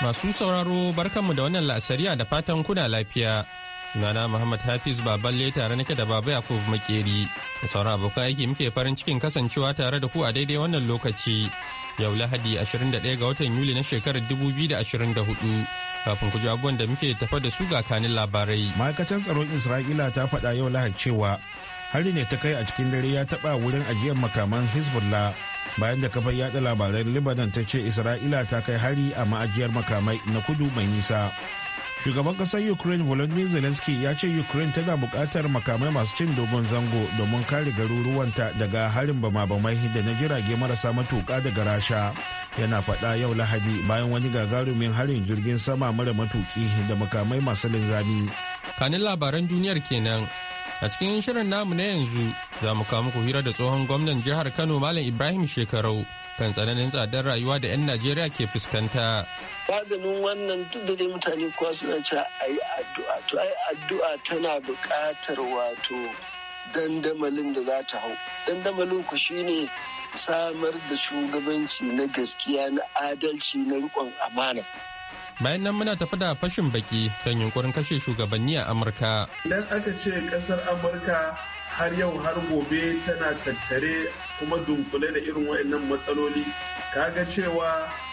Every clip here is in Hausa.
Masu sauraro barkanmu da wannan la'asariya da fatan kuna lafiya. Sunana Muhammad Hafiz Baballe tare nake da Baba Yakubu Makeri. Da sauran abokan aiki muke farin cikin kasancewa tare da ku a daidai wannan lokaci. Yau Lahadi 21 ga watan Yuli na shekarar 2024. Kafin ku ji abubuwan da muke tafa da su ga kanin labarai. Ma'aikatan tsaron Isra'ila ta faɗa yau Lahadi cewa hari ne ta kai a cikin dare ya taɓa wurin ajiyar makaman Hezbollah bayan da kafar yada labaran libanon ta ce isra'ila ta kai hari a ma'ajiyar makamai na kudu mai nisa shugaban kasar ukraine volodymyr zelensky ya ce ukraine tana buƙatar makamai masu cin dogon zango domin kare garuruwanta daga harin bama-bamai da na jirage marasa matuƙa daga rasha yana faɗa yau lahadi bayan wani gagarumin harin jirgin sama mara matuƙi da makamai masu linzami kanin labaran duniyar kenan a cikin shirin namu na yanzu za mu kawo muku hira da tsohon gwamnan jihar Kano Malam Ibrahim Shekarau kan tsananin tsadar rayuwa da 'yan Najeriya ke fuskanta. Maganin wannan duk da dai mutane kuwa suna cewa a yi addu'a. To addu'a tana buƙatar wato dandamalin da za ta hau. Dandamalin ku shine samar da shugabanci na gaskiya na adalci na riƙon amana. bayan nan muna tafi da fashin baki don yunkurin kashe shugabanni a amurka idan aka ce ƙasar amurka har yau har gobe tana tattare kuma dunkule da irin waɗannan matsaloli kaga cewa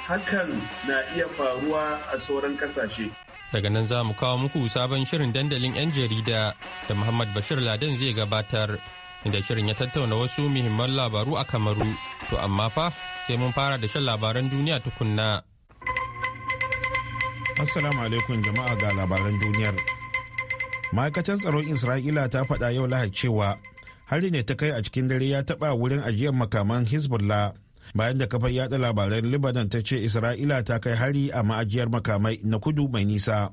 hakan na iya faruwa a sauran kasashe. Daga nan za mu kawo muku sabon shirin dandalin 'yan jarida da Muhammad Bashir Laden zai gabatar inda shirin ya tattauna wasu muhimman labaru a Kamaru. To amma fa sai mun fara da shan labaran duniya tukunna. Assalamu alaikum jama'a ga labaran duniyar. ma'aikatar tsaron isra'ila ta faɗa yau lahar cewa hari ne ta kai a cikin dare ya taɓa wurin ajiyar makaman hezbollah bayan da kafar yada labaran libanon ta ce isra'ila ta kai hari a ma'ajiyar makamai na kudu mai nisa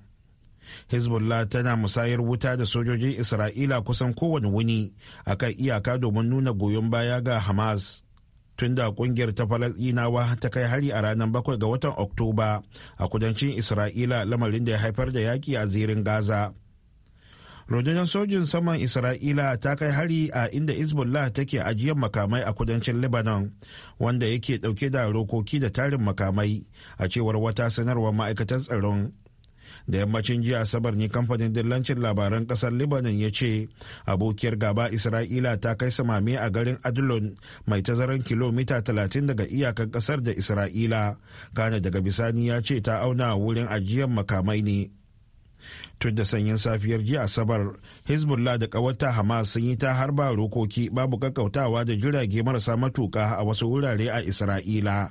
hezbollah tana musayar wuta da sojojin isra'ila kusan kowane wuni a kan iyaka domin nuna goyon baya ga hamas tunda kungiyar ta falasɗinawa ta kai hari a ranar bakwai ga watan oktoba a kudancin isra'ila lamarin da ya haifar da yaki a zirin gaza rundunar sojin saman isra'ila ta kai hari a inda hezbollah take ajiyar makamai a kudancin lebanon wanda yake dauke da rokoki da tarin makamai a cewar wata sanarwar ma'aikatar tsaron da yammacin jiya asabar ne kamfanin dillancin labaran kasar lebanon ya ce abokiyar gaba isra'ila ta kai samame a garin adlon mai tazaran kilomita 30 daga iyakar kasar da isra'ila kana daga bisani ya ce ta auna wurin ajiyar makamai ne tun da sanyin safiyar jiya asabar hezbollah da ƙawarta hamas sun yi ta harba rokoki babu kakkautawa da jirage marasa matuka a wasu wurare a isra'ila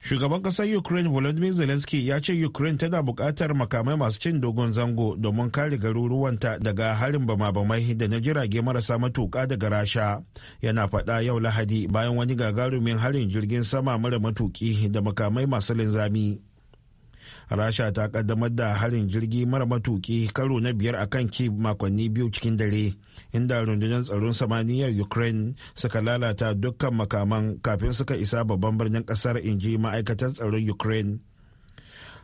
shugaban kasar ukraine volodymyr zelensky ya ce ukraine tana buƙatar makamai masu cin dogon zango domin kare garuruwanta daga harin bama-bamai da na jirage marasa matuƙa daga rasha yana faɗa yau lahadi bayan wani gagarumin harin jirgin sama mara matuƙi da makamai masu linzami rasha ta kaddamar da harin jirgi mara matuki karo na biyar a kan kiev makonni biyu cikin dare inda rundunar tsaron samaniyar ukraine suka lalata dukkan makaman kafin suka isa babban birnin kasar inji ma'aikatar tsaron ukraine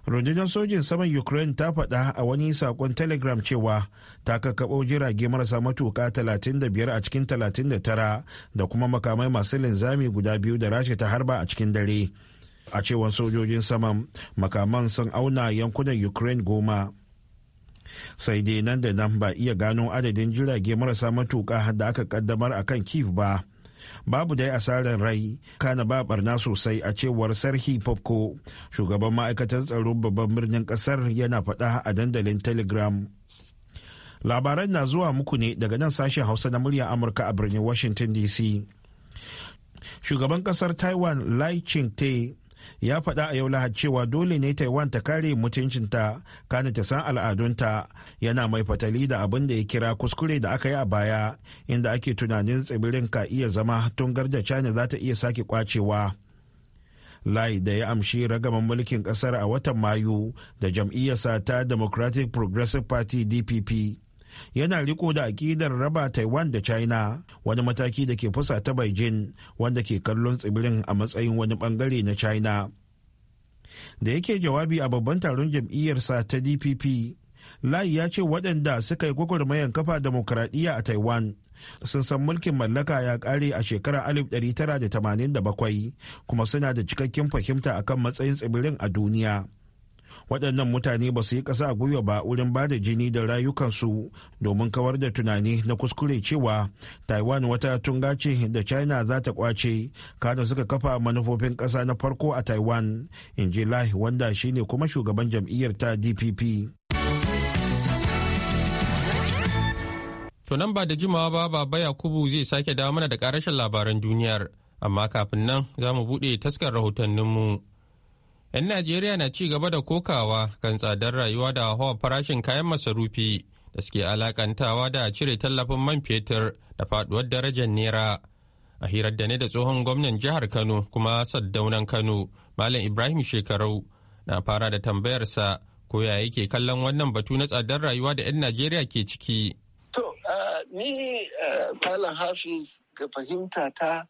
rundunar sojin saman ukraine ta faɗa a wani sakon telegram cewa ta kakkaɓo jirage marasa matuka 35 a cikin 39 da kuma makamai masu linzami guda biyu da rasha ta harba a cikin dare a cewar sojojin saman makaman sun auna yankunan ukraine goma sai dai nan da nan ba iya gano adadin jirage marasa matuka da aka kaddamar a kan kif ba babu dai asarar rai kana ba barna sosai a cewar sarhi popko shugaban ma'aikatar tsaro babban birnin kasar yana faɗa a dandalin telegram labaran na zuwa muku ne daga nan sashen hausa na muryar amurka a birnin washington dc shugaban kasar taiwan lai ching te ya faɗa a yau lahad cewa dole ne taiwan ta kare mutuncinta kana ta san al'adunta yana mai fatali da abin da ya kira kuskure da aka yi a baya inda ake tunanin tsibirin ka iya zama tun garda china za ta iya sake kwacewa lai da ya amshi ragaman mulkin kasar a watan mayu da jam'iyyarsa ta democratic progressive party dpp yana riko da akidar raba taiwan da china wani mataki da ke fusa ta beijing wanda ke kallon tsibirin a matsayin wani bangare na china da yake jawabi a babban taron jam'iyyarsa ta dpp layi ya ce waɗanda suka yi gwagwarmayar kafa demokradiyya a taiwan sun san mulkin mallaka ya ƙare a shekarar 1987 kuma suna da cikakken fahimta akan matsayin tsibirin a duniya waɗannan mutane ba su yi ƙasa a gwiwa ba wurin ba da jini da rayukansu domin kawar da tunani na kuskure cewa taiwan wata tunga ce da china za ta kwace kada suka kafa manufofin ƙasa na farko a taiwan in ji lahi wanda shine kuma shugaban jam'iyyar ta dpp To nan ba da jimawa ba baba Yakubu zai sake dawo mana da karashin labaran duniyar, amma kafin nan za mu buɗe taskar rahotanninmu. mu. 'Yan Najeriya na ci gaba da kokawa kan tsadar rayuwa da hawa farashin kayan masarufi da suke alakantawa da cire tallafin man fetur da faduwar darajar nera. A hirar da ne da tsohon gwamnan jihar Kano kuma saddaunan Kano, Malam Ibrahim Shekarau, na fara da tambayarsa ko ya yake kallon wannan batu na tsadar rayuwa da 'yan Najeriya ke ciki. To, ni Malam Hafiz ga fahimta ta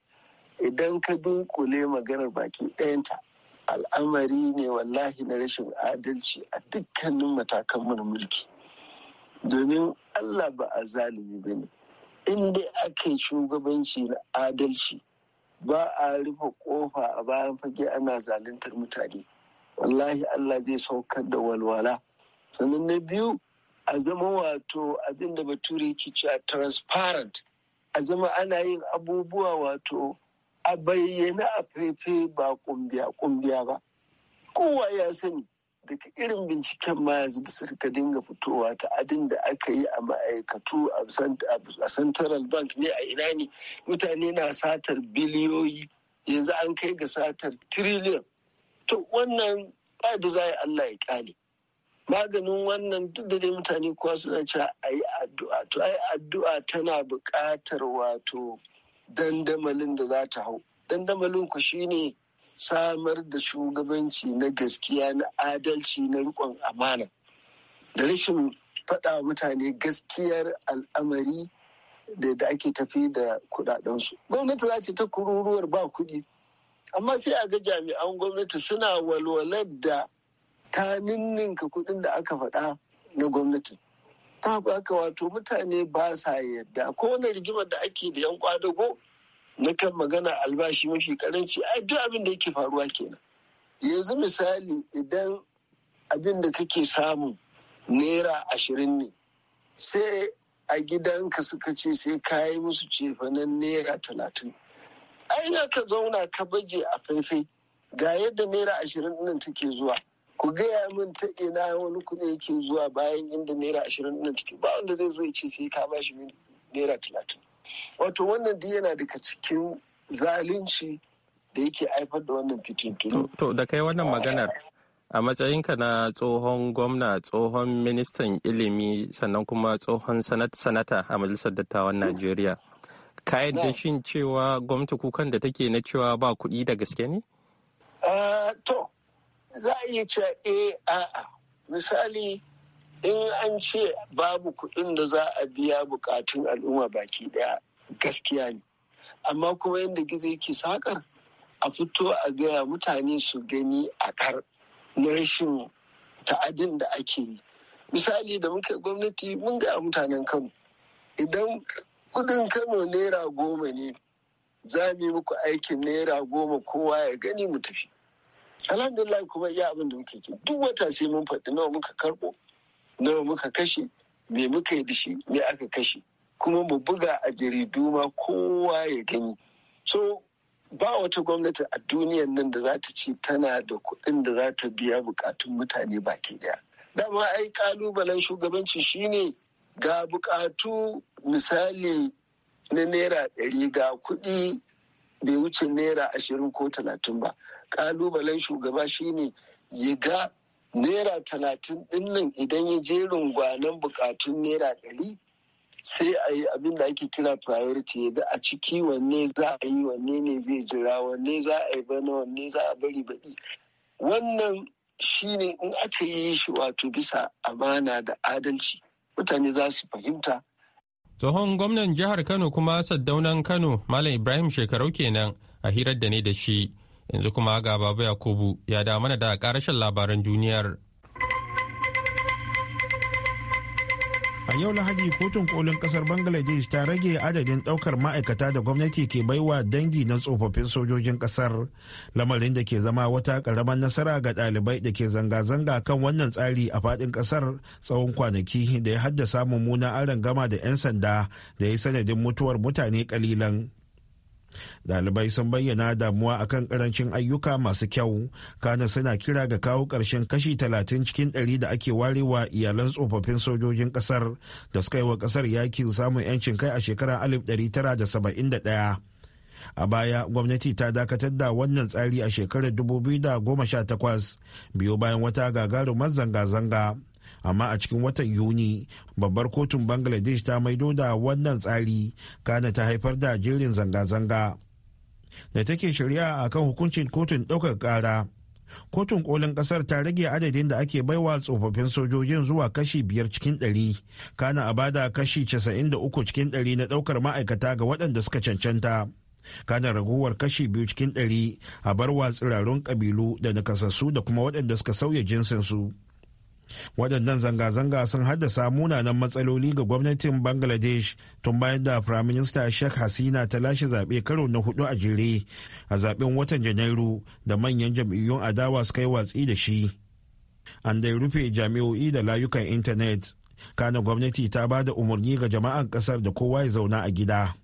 idan ka dunkule maganar baki ɗayanta al'amari ne wallahi na rashin adalci a dukkanin matakan mulki domin allah ba a zalimi ba ne inda aka yi shugabanci na adalci ba a rufe kofa a bayan fage ana zaluntar mutane wallahi allah zai saukar da walwala sannan na biyu a zama wato abinda bature ke cewa transparent a zama ana yin abubuwa wato a bayyana a fefe ba kumbiya-kumbiya ba. Kowa ya sani daga irin binciken ma yanzu da suka dinga fitowa ta adin da aka yi a ma'aikatu a central bank ne a ina ne mutane na satar biliyoyi yanzu an kai ga satar trillion. To wannan ba da za Allah ya kyale. maganin wannan duk da dai mutane kuwa suna cewa a yi addu'a to yi addu'a tana buƙatar wato dandamalin da za ta hau dandamalin ku shine samar da shugabanci na gaskiya na adalci na rikon amana da rashin faɗa mutane gaskiyar al'amari da ake tafi da kudadensu gwamnati za ce ta kururuwar ba kuɗi amma sai a ga jami'an gwamnati suna walwalar da ta ninninka kuɗin da aka faɗa na gwamnati ta haka wato mutane ba sa yadda ko wani rigimar da ake da yan kwadago na kan magana albashi mafi karanci ai duk abin da yake faruwa kenan yanzu misali idan abin da kake samu naira ashirin ne sai a gidanka suka ce sai ka yi musu cefanen naira talatin ai ka zauna ka baje a faifai ga yadda naira ashirin nan take zuwa ku gaya min ta ina wani kuɗi yake zuwa bayan inda naira ashirin nan ciki ba wanda zai zo ya ce sai ka ba shi naira talatin wato wannan duk yana daga cikin zalunci da yake haifar da wannan fitin. To da kai wannan maganar a matsayinka na tsohon gwamna tsohon ministan ilimi sannan kuma tsohon sanata a majalisar dattawan Najeriya. Ka yadda shin cewa gwamnati kukan da take na cewa ba kuɗi da gaske ne? Ah, to, za a yi cewa eh a'a misali in an ce babu kuɗin da za a biya bukatun al'umma baki ɗaya gaskiya ne amma kuma yadda gizo yake sakar a fito a gaya mutane su gani a kar na rashin ta'adin da ake yi misali da muka gwamnati mun ga mutanen kano idan kudin kano naira goma ne za mu yi muku aikin naira goma kowa ya gani mu tafi alhamdulillah kuma iya abin da muke ke duk wata sai mun faɗi nawa muka karɓo nawa muka kashe me muka yi da shi me aka kashe kuma mu buga a jaridu ma kowa ya gani so ba wata gwamnati a duniyan nan da za ta ce tana da kuɗin da za ta biya bukatun mutane baki daya dama ai kalubalen shugabanci shine ga bukatu misali na naira ɗari ga kuɗi bai wuce naira ashirin ko talatin ba ƙalubalen shugaba shine ya ga naira talatin dinnan idan ya je rungwanan buƙatun naira ɗari sai a yi abin da ake kira priority ya ga a ciki wanne za a yi wanne ne zai jira wanne za a yi bana wanne za a bari baɗi wannan shine in aka yi shi wato bisa amana da adalci mutane za su fahimta tsohon gwamnan jihar kano kuma saddaunan kano malam ibrahim shekarau kenan a hirar da ne da shi yanzu kuma ga babu yakubu ya da mana da karashin labaran duniyar a yau lahadi kotun kolin kasar bangladesh ta rage adadin daukar ma'aikata da gwamnati ke baiwa dangi na tsofaffin sojojin kasar lamarin da ke zama wata karamar nasara ga dalibai da ke zanga-zanga kan wannan tsari a fadin kasar tsawon kwanaki da ya haddasa mummunan aron gama da 'yan sanda da ya sanadin mutuwar mutane kalilan Dalibai sun bayyana damuwa akan karancin ayyuka masu kyau, kana suna kira ga kawo ƙarshen kashi talatin cikin ɗari da ake warewa iyalan tsofaffin sojojin ƙasar da suka yi wa ƙasar yakin samun 'yancin kai a shekarar 1971. A baya, gwamnati ta dakatar da wannan tsari a shekarar dubu da goma sha takwas biyo bayan wata gagarumar zanga-zanga. amma a cikin watan yuni babbar kotun bangladesh ta maido da wannan tsari kana ta haifar da jerin zanga-zanga da take shari'a a kan hukuncin kotun ɗaukar ƙara kotun kolin ƙasar ta rage adadin da ake baiwa tsofaffin sojojin zuwa kashi biyar cikin ɗari kana a bada kashi casa'in da uku cikin ɗari na ɗaukar ma'aikata ga waɗanda suka cancanta kana raguwar kashi biyu cikin ɗari a barwa tsirarun ƙabilu da nakasassu da kuma waɗanda suka sauya jinsinsu. su waɗannan zanga-zanga sun haddasa munanan matsaloli ga gwamnatin bangladesh tun bayan da firaminista sheikh hasina ta lashe zaɓe karo na hudu a jere a zaɓen watan janairu da manyan jam'iyyun adawa suka yi watsi da shi an dai rufe jami'o'i da layukan intanet kana gwamnati ta ba da umarni ga jama'an ƙasar da kowa ya zauna a gida.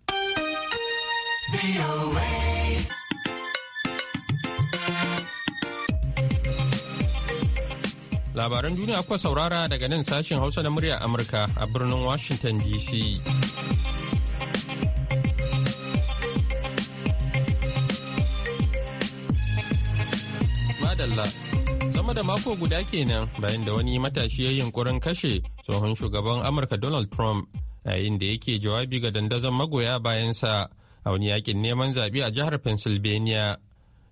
Labaran duniya kuka saurara daga nan sashen Hausa na murya Amurka a birnin Washington DC. Madalla, sama da mako guda kenan bayan da wani matashi ya yunkurin kashe tsohon shugaban Amurka Donald Trump yayin da yake jawabi ga dandazon magoya bayansa a wani yakin neman zaɓe a jihar Pennsylvania.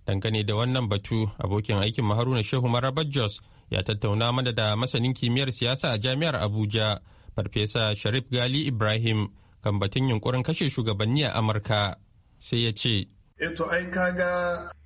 Dangane da wannan batu, abokin aikin maharuna Shehu maraba Jos ya tattauna mana da masanin kimiyyar siyasa a jami'ar abuja farfesa sharif gali ibrahim kan batun yunkurin kashe shugabanni a amurka sai ya ce eto eh ai kaga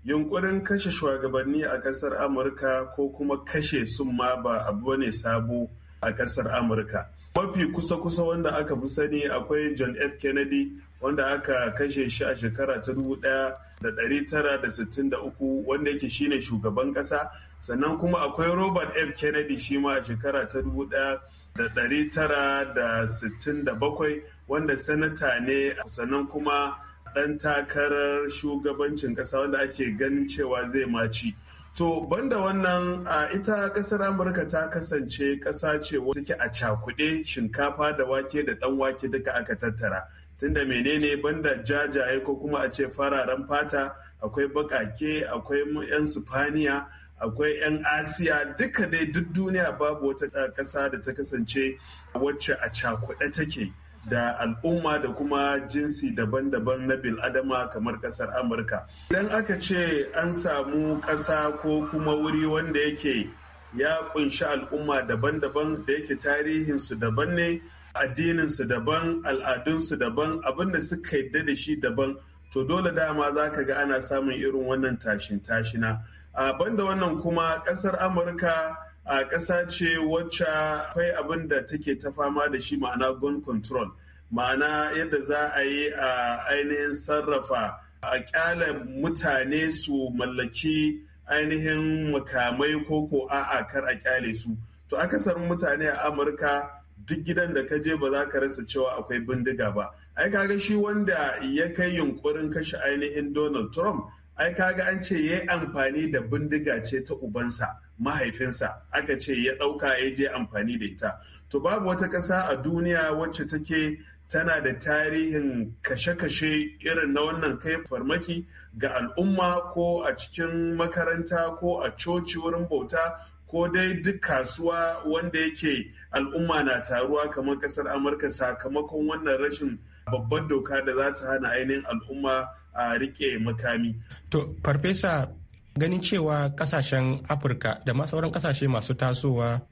yunkurin kashe shugabanni a kasar amurka ko kuma kashe sun ma ba abu ne sabo a kasar amurka mafi kusa-kusa wanda aka fi sani akwai john f kennedy wanda aka kashe shi a shekara ta 1963 wanda yake shine shugaban kasa sannan kuma akwai robert f kennedy shi ma a shekara ta 1967 wanda sanata ne sannan kuma ɗan takarar shugabancin ƙasa wanda ake ganin cewa zai maci to banda wannan a ita ƙasar amurka ta kasance ƙasa ce wanda take a cakuɗe shinkafa da wake da ɗan wake duka aka tattara tunda menene banda jajaye ko kuma a ce fararen fata akwai bakake akwai 'yan sifaniya akwai 'yan asiya duka dai duk duniya babu wata ƙasa da ta kasance wacce a cakuɗe take da al'umma da kuma jinsi daban-daban na bil'adama kamar ƙasar amurka idan aka ce an samu ƙasa ko kuma wuri wanda yake ya kunshi al'umma daban-daban da yake tarihinsu daban ne addininsu daban al'adunsu daban abinda suka yadda da shi daban to dole dama za ka ga ana samun irin wannan tashin tashina banda wannan kuma ƙasar amurka a ƙasa ce wacce akwai abin da take ta fama da shi ma'ana gun control ma'ana yadda za a yi a ainihin sarrafa a kyala mutane su mallaki ainihin makamai ko ko a'a kar a kyale su to akasar mutane a amurka duk gidan da ka je ba za ka rasa cewa akwai bindiga ba ai ka ga shi wanda ya kai yunkurin kashe ainihin donald trump ai kaga an ce ya amfani da bindiga ce ta ubansa mahaifinsa aka ce ya ɗauka ya je amfani da ita to babu wata ƙasa a duniya wacce take tana da tarihin kashe-kashe irin na wannan kai farmaki ga al'umma ko a cikin makaranta ko a coci wurin bauta ko dai duk kasuwa wanda yake al'umma na taruwa kamar kasar amurka sakamakon wannan rashin babbar doka da za ta hana ainihin al'umma a rike makami. To, Farfesa, ganin cewa kasashen Afirka da ma sauran kasashe masu tasowa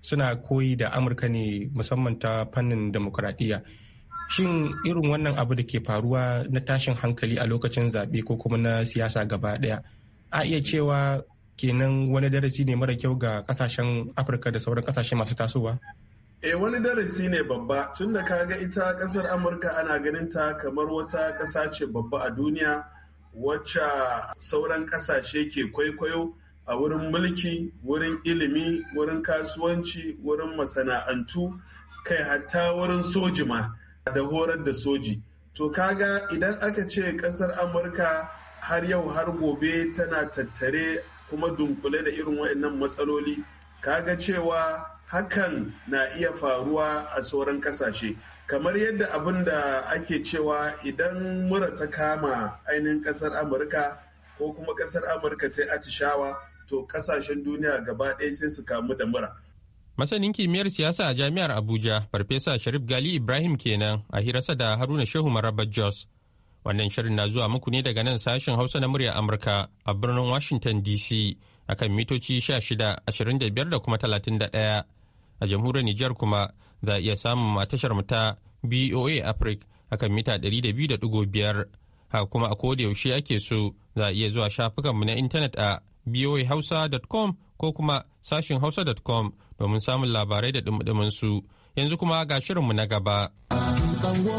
suna koyi da Amurka ne musamman ta fannin demokuraɗiyya. Shin irin wannan abu da ke faruwa na tashin hankali a lokacin zaɓe ko kuma na siyasa gaba ɗaya, a iya cewa kenan wani darasi ne mara kyau ga kasashen Afirka da sauran kasashe masu tasowa? E wani darasi ne babba tunda kaga ita kasar Amurka ana ganin ta kamar wata ƙasa ce babba a duniya wacce sauran ƙasashe ke kwaikwayo a wurin mulki, wurin ilimi, wurin kasuwanci, wurin masana'antu, kai hatta wurin soji ma da horar da soji. To kaga idan aka ce ƙasar Amurka har yau har gobe tana tattare kuma dunkule da irin waɗannan matsaloli, kaga cewa hakan na iya faruwa a sauran kasashe kamar yadda abin da ake cewa idan mura ta kama ainihin kasar amurka ko kuma kasar amurka ta atishawa to kasashen duniya gaba ɗaya sai su kamu da mura masanin kimiyyar siyasa a jami'ar abuja farfesa sharif gali ibrahim kenan a hirasa da haruna shehu maraba jos wannan shirin na zuwa muku ne daga nan sashen hausa na murya amurka a birnin washington dc akan mitoci 16 25 da kuma 31 a jamhuriyar Nijar kuma za a iya samun matashar ta BOA Africa akan mita 200.5 haka kuma a koda yaushe ake so za iya zuwa shafukanmu na intanet a boahausa.com ko kuma sashin hausa.com domin samun labarai da dumdumin su yanzu kuma ga shirinmu na gaba. Tsango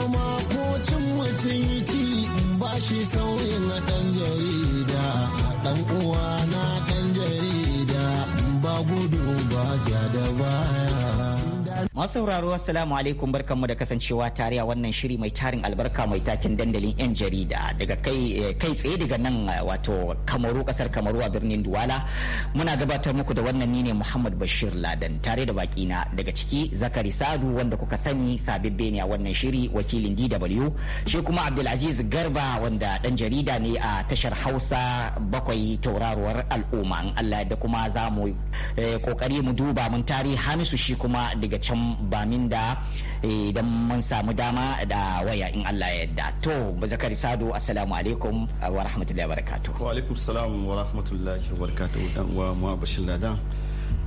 sauyin na ɗan jarida, ɗan uwa na ɗan jarida, ba gudu ba ja da baya. Masu sauraro assalamu alaikum barkanmu da kasancewa tare a wannan shiri mai tarin albarka mai takin dandalin yan jarida daga kai eh, kai tsaye daga nan eh, wato Kamaru kasar Kamaru a birnin Duwala. Muna gabatar muku da wannan ni ne Muhammad Bashir Ladan tare da baki na daga ciki Zakari Sadu wanda kuka sani sabibbe ne a wannan shiri wakilin DW shi kuma Abdulaziz Garba wanda dan jarida ne a tashar Hausa bakwai tauraruwar al'umma in Allah da kuma zamu kokari eh, mu duba mun tarihi Hamisu shi kuma daga can bamin da eh, idan mun samu dama da waya in Allah ya yarda to zakari sado assalamu alaikum wa rahmatullahi wa barakatuh wa alaikum salam wa rahmatullahi wa barakatuh dan uwa mu ladan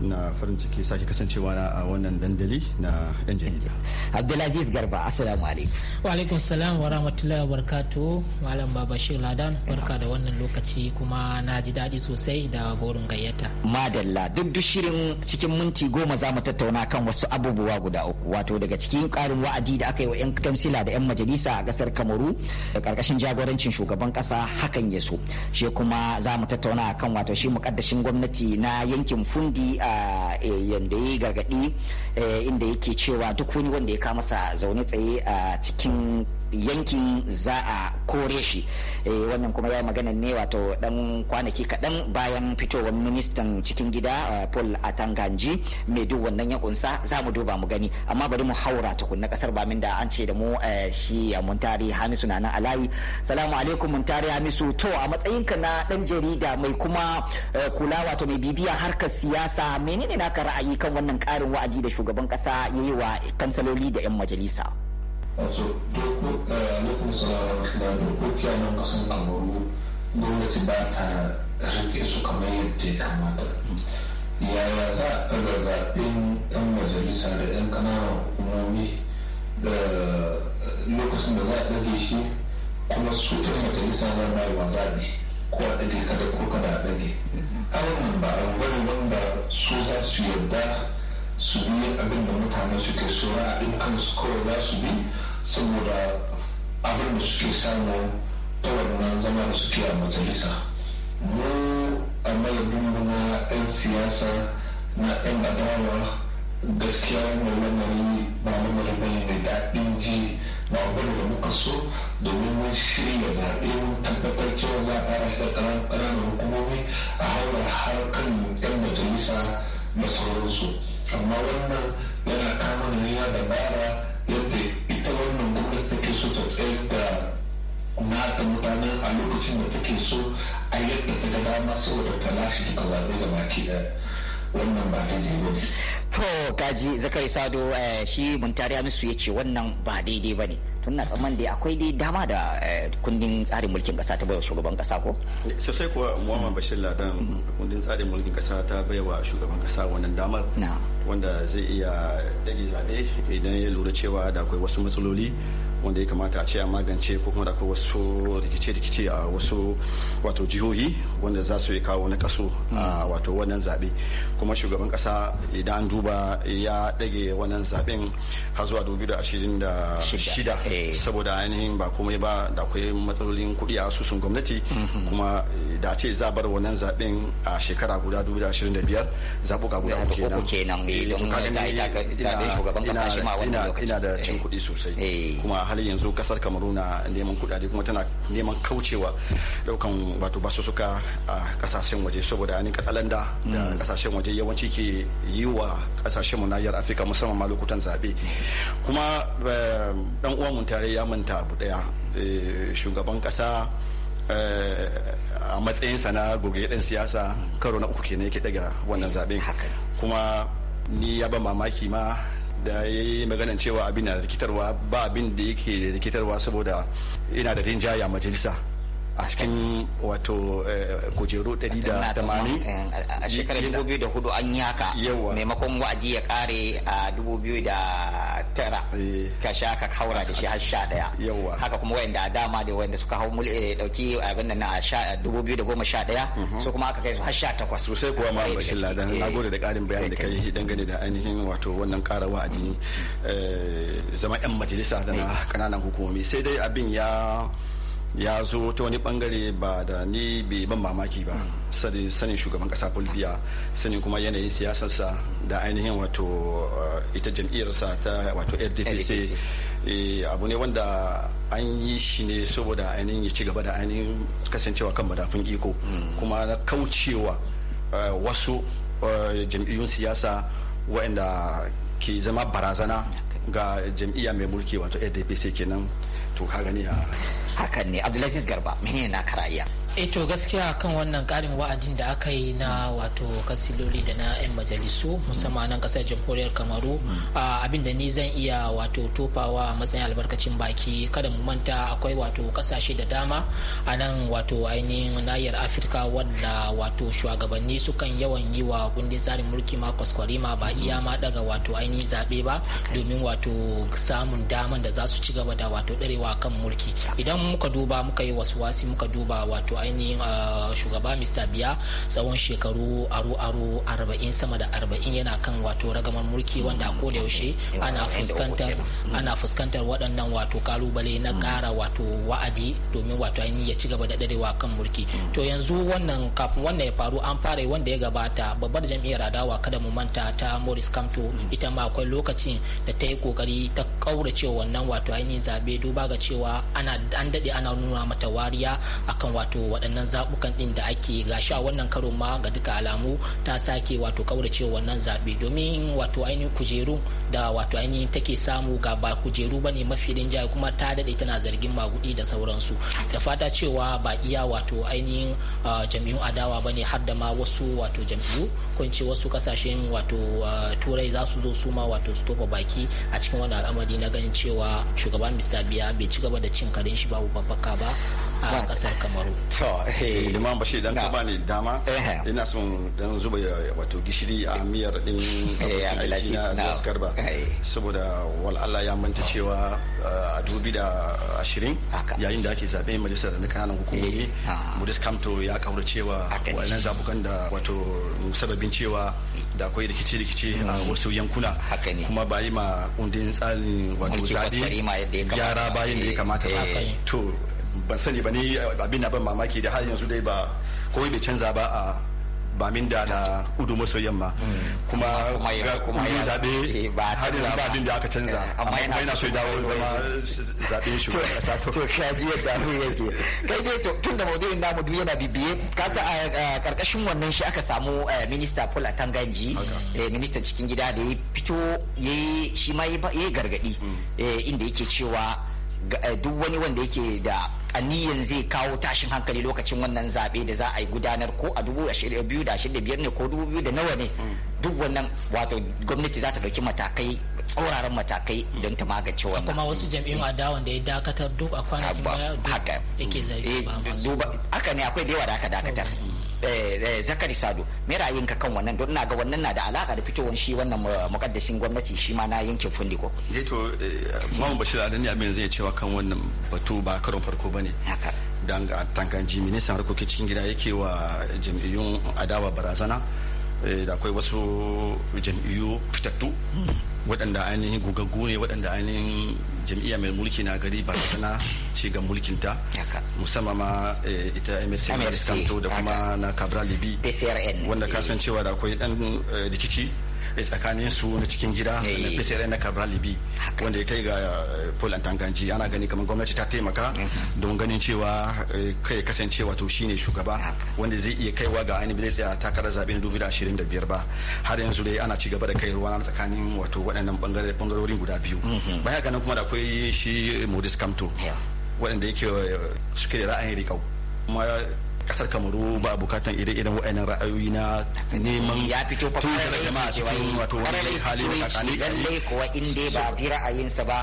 na farin ciki sake kasancewa na a wannan dandali na yan jarida abdulaziz garba assalamu alaikum wa alaikum salam wa rahmatullahi wa barakatuhu malam baba shi ladan barka da wannan lokaci kuma na ji daɗi sosai da burin gayyata madalla duk duk shirin cikin minti goma za mu tattauna kan wasu abubuwa guda uku wato daga cikin ƙarin wa'adi da aka yi wa 'yan kansila da 'yan majalisa a ƙasar kamaru da ƙarƙashin jagorancin shugaban ƙasa hakan ya so shi kuma za mu tattauna kan wato shi muƙaddashin gwamnati na yankin fundi Eh, yanda ya gargadi eh, inda yake cewa duk wani wanda ya kama sa zaune tsaye a eh, cikin yankin za a kore shi eh, wannan kuma ya magana ne wato dan kwanaki kaɗan bayan fitowar ministan cikin gida eh, paul atanganji mai duk wannan ya kunsa za mu duba mu gani amma bari mu haura tukun na ba bamin da an ce da mu eh, shi muntari hamisu na nan alayi salamu alaikum muntari hamisu to a matsayinka na dan jarida mai kuma kula wato mai bibiya harkar siyasa menene naka ra'ayi kan wannan karin wa'adi da shugaban kasa ya yi wa kansaloli da 'yan majalisa wato lokacin eh, da dokoki a kasan kamaru gwamnati ba ta rike su kamar yadda ya kamata yaya za a ɗaga zaɓen 'yan majalisa da 'yan ƙananan hukumomi da eh, lokacin da za a ɗage shi kuma su 'yan majalisa na wa zaɓe ko a ɗage kada ko kada a ɗage wannan ba a wani wanda su za su yarda su bi abin da mutane suke so ra'ayin kansu kawai za su bi saboda abin da suke samu ta wannan zama da suke a majalisa mu a madadin na 'yan siyasa na 'yan adawa gaskiya wannan lamari ba lamari bane mai daɗin ji ba wani da muka so domin mun shirya zaɓe mun tabbatar cewa za a ƙara shi da ƙananan hukumomi a hanyar har kan 'yan majalisa da sauransu amma wannan yana kama da dabara yadda ita wannan gwamnati take so ta tsayar da nata mutanen a lokacin da take so a yadda ta ga dama saboda ta lashe ta da baki da wannan ba ta je ba ne. to kaji zakari sado eh, shi muntari musu ya ce wannan ba daidai ba ne tun na dai akwai dai dama da eh, kundin tsarin mulkin kasa ta baiwa shugaban kasa ko sosai kuwa muhammad bashir ladan mm-hmm. kundin tsarin mulkin kasa ta baiwa shugaban kasa wannan damar wanda zai iya dage zaɓe idan ya lura cewa da akwai wasu matsaloli wanda ya kamata a ce a magance ko kuma da akwai wasu rikice-rikice a wasu wato jihohi wanda za su yi kawo na kaso a wato wannan zaɓe kuma shugaban ƙasa idan duba ya ɗage wannan zaɓen har zuwa da da. ashirin shida eh. saboda ainihin ba komai ba da akwai matsalolin kuɗi a asusun gwamnati mm-hmm. kuma eh, da ce za bar wannan zaɓen a shekara guda da da ashirin 2025 zaɓuka guda uku kenan ina da cin eh. kuɗi sosai kuma Hali yanzu kasar kamaru na neman kudade kuma tana neman kaucewa daukan wato basussuka a kasashen waje saboda ni katsalan da mm. kasashen waje yawanci ke yi wa kasashen mu nahiyar afirka musamman ma lokutan zabe kuma eh, dan uwan mun tare ya manta abu daya eh, shugaban kasa eh, a matsayinsa na goge dan siyasa karo na uku kenan yake daga wannan zaben kuma ni ya ba mamaki ma da ya yi maganan cewa abin na rikitarwa ba abin da yake rikitarwa saboda ina da rinjaya majalisa a cikin wato eh, kujeru 180 eh, a shekarar 2004 an yi haka maimakon wa'adi ya kare a 2009 eh. ka sha ka haura da shi har sha daya haka kuma wayanda a dama da wayanda suka hau mulki dauki abin nan a 2011 so kuma aka kai su har sha takwas sai kuwa ma bashin ladan na gode da karin bayani da kai dangane da ainihin wato wannan kara wa'adi zama yan majalisa da na kananan hukumomi sai dai abin ya ya zo ta wani bangare ba da ni bai ban mamaki ba sanin shugaban kasa fulbiya sanin kuma yanayin siyasarsa da ainihin wato eh, ita jam'iyyarsa ta wato rdpc eh, abu ne wanda an yi shi ne saboda ainihin ya ci gaba da ainihin kasancewa kan madafin iko hmm. kuma na kaucewa eh, wasu jam'iyyun siyasa waɗanda ke zama barazana ga jam'iyya mai mulki wato rdpc kenan to ka gani a hakan ne abdulaziz garba menene na karayya e to gaskiya kan wannan karin wa'adin da aka yi na wato kansiloli da na 'yan majalisu musamman nan kasar jamhuriyar kamaru mm. ah, abin da ni zan iya wato tofawa a matsayin albarkacin baki kada mu manta akwai wato kasashe da dama a nan wato ainihin nayar afirka wanda wato shugabanni sukan yawan yi wa kundin tsarin mulki ma kwaskwarima ba mm. iya ma daga wato ainihin zaɓe ba domin wato samun daman da za su ci gaba da wato ɗarewa kan mulki idan muka duba muka yi wasu wasi muka duba wato ainihin uh, shugaba mr biya tsawon shekaru aro-aro arba'in sama da arba'in yana kan wato ragamar mulki wanda mm. ko da yaushe mm. ana fuskantar waɗannan wato kalubale na mm. ƙara wato wa'adi domin wato ainihin ya ci gaba da ɗarewa kan mulki to yanzu wannan kafin wannan ya faru an fara wanda ya gabata babbar jam'iyyar adawa kada mu manta ta Morris Kamto ita ma akwai lokacin da ta yi kokari ta kaurace wannan wato ainihin zabe duba ga cewa ana an daɗe ana nuna mata wariya akan wato waɗannan zaɓukan ɗin da ake gashi a wannan karo ma ga duka alamu ta sake wato kaurace wannan zaɓe domin wato ainihin kujeru da wato ainihin take samu ga ba kujeru bane mafi rinjaye kuma ta daɗe tana zargin maguɗi da sauransu da fata cewa ba iya wato ainihin jam'iyyun adawa bane har da ma wasu wato jam'iyyu ko in ce wasu kasashen wato turai za su zo su ma wato su tofa baki a cikin wannan al'amari na ganin cewa shugaban mr biya bai ci gaba da cin karin shi babu babbaka ba a kasar kamaru to eh, eh, liman bashir dan ka bani dama eh. ina son dan zuba wato gishiri a miyar din na karba saboda wal Allah ya manta cewa a dubi da ashirin yayin da ake zaɓe majalisar da kananan hukumomi mudis kamto ya kaura cewa wa'annan zabukan da wato sababin cewa da akwai rikice-rikice a mm. wasu yankuna kuma ba yi ma kundin tsarin wato zaɓe gyara bayan da ya kamata ba to ban sani ba ni abin na ban mamaki da har yanzu dai ba kawai bai canza ba a bamin da na kudu maso yamma mm. kuma kuma zaɓe eh, har yanzu ba abin da aka canza eh, amma yana so dawo zama zabe shugaban kasa to to ji yadda abu yake kai dai to tunda maudu'in namu duk yana bibiye kasa a eh, karkashin wannan shi aka samu minista Paul Atanganji minista cikin gida da ya fito yayi shi ma yayi gargadi mm. inda yake cewa Eh, duk wani wanda yake da aniyan zai kawo tashin hankali lokacin wannan zaɓe da za a yi gudanar ko a dubu eh, biyu da ashirin da biyar ne ko dubu biyu da nawa ne mm. duk wannan wato gwamnati za ta ɗauki matakai tsauraran matakai mm. don ta magance wannan kuma wasu jam'iyyun mm. adawan da ya dakatar duk a kwanakin baya duk yake zai eh, ba haka ne akwai da yawa da aka dakatar Eh, eh, zakari sado me ra'ayinka kan wannan don na ga wannan na da alaka da fitowar shi wannan eh, mukaddashin gwamnati shi ma na yankin fundiko eh to mamu bashir adani abin zai cewa kan wannan batu ba karon farko bane haka a tankanji ministan harkokin cikin gida yake wa jam'iyyun adawa barazana da eh, akwai wasu jam'iyyu fitattu waɗanda ainihin gugaggu ne waɗanda ainihin jam'iyya mai mulki na gari ba tana ci ga mulkinta musamman ma eh, ita msc da kuma na cabral libi wanda kasancewa da akwai ɗan eh, rikici Eh, tsakanin su na cikin gida eh. na PCRN na Cabral Libi wanda ya kai ga eh, Paul tanganci ana gani kamar gwamnati ta taimaka mhm. don ganin cewa kai kasance wato shine shugaba wanda zai iya kaiwa ga ainihin bilis tsaya takarar zaɓe na biyar ba har yanzu dai ana ci gaba da kai ruwa na tsakanin wato waɗannan bangarori guda biyu mhm. baya ganin kuma da akwai shi Modis Kamto waɗanda yake suke da ra'ayin riƙau kuma kasar kamaru ba bukatan ire-iren wa'annan ra'ayoyi na neman ya fito fa da jama'a cikin wato wani hali da kakani lalle kuwa in dai ba bi ra'ayinsa ba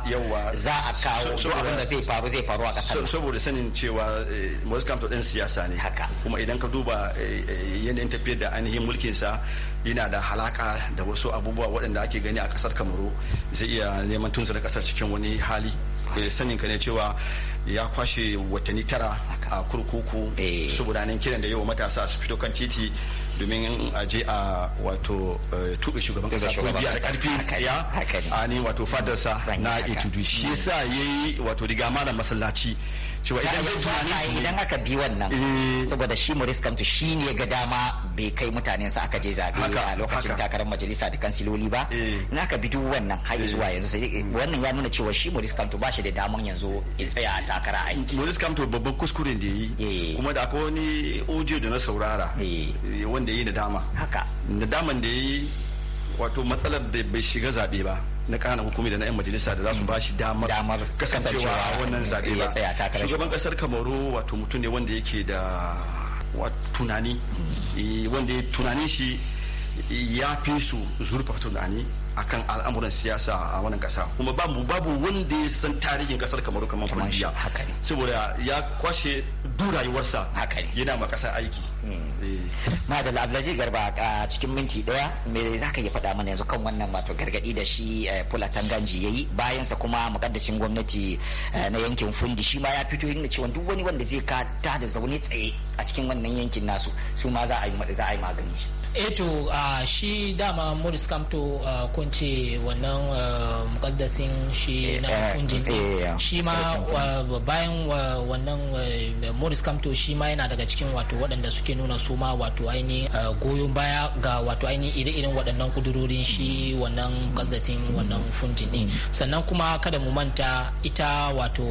za a kawo so abin da zai faru zai faru a kasar saboda sanin cewa Moses eh, Kamto din siyasa ne haka kuma idan ka duba eh, eh, yanayin tafiyar da ainihin mulkin sa yana da halaka da wasu abubuwa waɗanda ake gani a kasar Kamaru zai iya neman tunsa da kasar cikin wani hali Eh, sanin ka ne cewa ya kwashe watanni tara a kurkuku eh. saboda nan kiran da yawa matasa su fito kan titi domin a je a wato eh, tuɓe shugaban kasa ko biya da karfi ya a ne wato fadarsa na itudu shi yasa yayi wato riga mara masallaci cewa idan zai idan aka bi wannan eh. saboda shi Maurice Kamto shi ne ga dama bai kai mutanen sa aka je zabe a lokacin takarar majalisa da kansiloli ba eh. in aka bi duk wannan har zuwa yanzu mm. wannan ya nuna cewa shi Maurice Kamto ba shi da daman yanzu in tsaya a takara aiki Maurice Kamto babban kuskuren da yi kuma da akwai wani oje da na saurara abubuwan da ya yi nadama haka nadaman da ya yi wato matsalar da bai shiga zaɓe ba na kanan hukumi da na 'yan majalisa da za su ba shi damar kasancewa wannan zaɓe ba shugaban ƙasar kamaru wato mutum ne wanda yake da tunani hmm. eh, wanda tunanin shi ya fi su zurfa tunani akan al'amuran siyasa a wannan kasa kuma babu babu wanda ya san tarihin kasar kamar kamar Fulbiya saboda ya kwashe durayuwarsa yana ma kasa aiki hmm. eh. da abdulaziz garba a cikin minti daya me za ka yi faɗa mana yanzu kan wannan wato gargadi da shi fula eh, ganji ya yi bayansa kuma mukaddashin gwamnati eh, na yankin fundi shi ma ya fito yin da cewa duk wani wanda zai ka ta da zaune tsaye a cikin wannan yankin nasu su ma za a yi za a yi magani eto eh a shi dama morris kamto kun ce wannan mukaddasin shi eh, na kunjin eh, shi ma bayan wannan morris kamto shi ma yana daga cikin wato waɗanda suke nuna su ma wato ainihin goyon baya ga wato ainihin ire-iren waɗannan kudurorin shi wannan mukaddasin wannan funjin din sannan kuma kada mu manta ita wato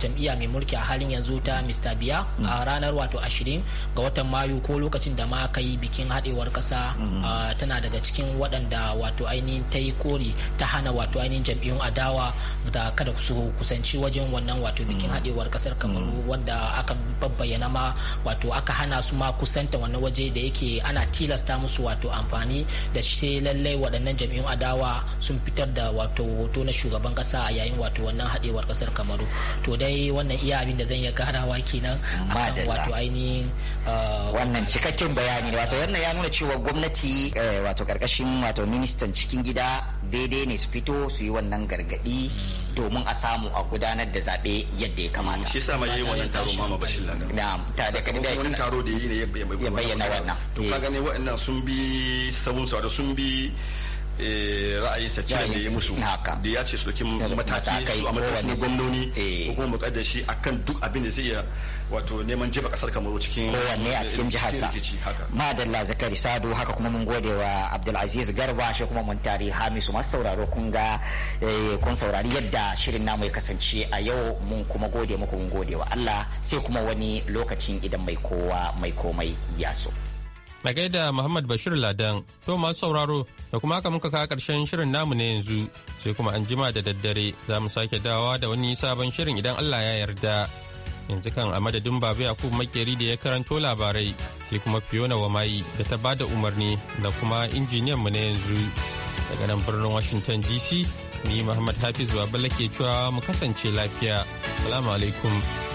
jam'iyya mai mulki a halin yanzu ta mr biya a ranar wato ashirin ashirin ga watan mayu ko lokacin da ma aka yi bikin hadewar kasa mm-hmm. ah, tana daga cikin waɗanda wato ainihin ta yi kori ta hana wato ainihin jam'iyyun adawa da kada su kusanci wajen wannan wato bikin mm-hmm. hadewar kasar kamaru mm-hmm. wanda aka babbayyana ma wato aka hana su ma kusanta wannan waje da yake ana tilasta musu wato amfani da shi lallai waɗannan jam'iyyun adawa sun fitar da wato hoto na shugaban kasa a yayin wato wannan hadewar kasar kamaru to dai wannan iya abin da zan iya karawa kenan akan wato ainihin Uh, wannan cikakken bayani ne wato wannan ya nuna cewa gwamnati eh, wato karkashin wato ministan cikin gida daidai ne su fito su yi wannan gargadi hmm. domin a samu a gudanar da zaɓe yadda ya kamata. Shi sa ma yi wannan taro ma Bashir Lada. Na ta da kan wani taro da yi ne ya bayyana wannan. To ka eh. gane waɗannan sun bi sabon da sun bi Eh, ra'ayinsa kiran da ya musu da ya ce su dokin mataki su a matsayin gwamnoni eh. ko kuma mukaddashi akan duk abin da zai iya wato neman jefa kasar kamaru cikin kowanne a cikin jihar sa madalla zakari sado haka kuma mun gode wa abdulaziz garba shi kuma mun tare hamisu masu sauraro kun ga eh, kun saurari yadda shirin namu ya kasance a yau mun kuma gode muku mun gode wa Allah sai kuma wani lokacin idan mai kowa mai komai ya so. a gaida Muhammad Bashir Ladan, to masu sauraro da kuma haka muka kawo ƙarshen shirin namu na yanzu sai kuma an jima da daddare za mu sake dawa da wani sabon shirin idan Allah ya yarda. Yanzu kan a madadin Baba Yakubu Makeri da ya karanto labarai sai kuma Fiona Wamayi da ta bada umarni da kuma injiniyan mu na yanzu daga nan birnin Washington DC ni Muhammad Hafiz Babala ke cewa mu kasance lafiya. Salamu alaikum.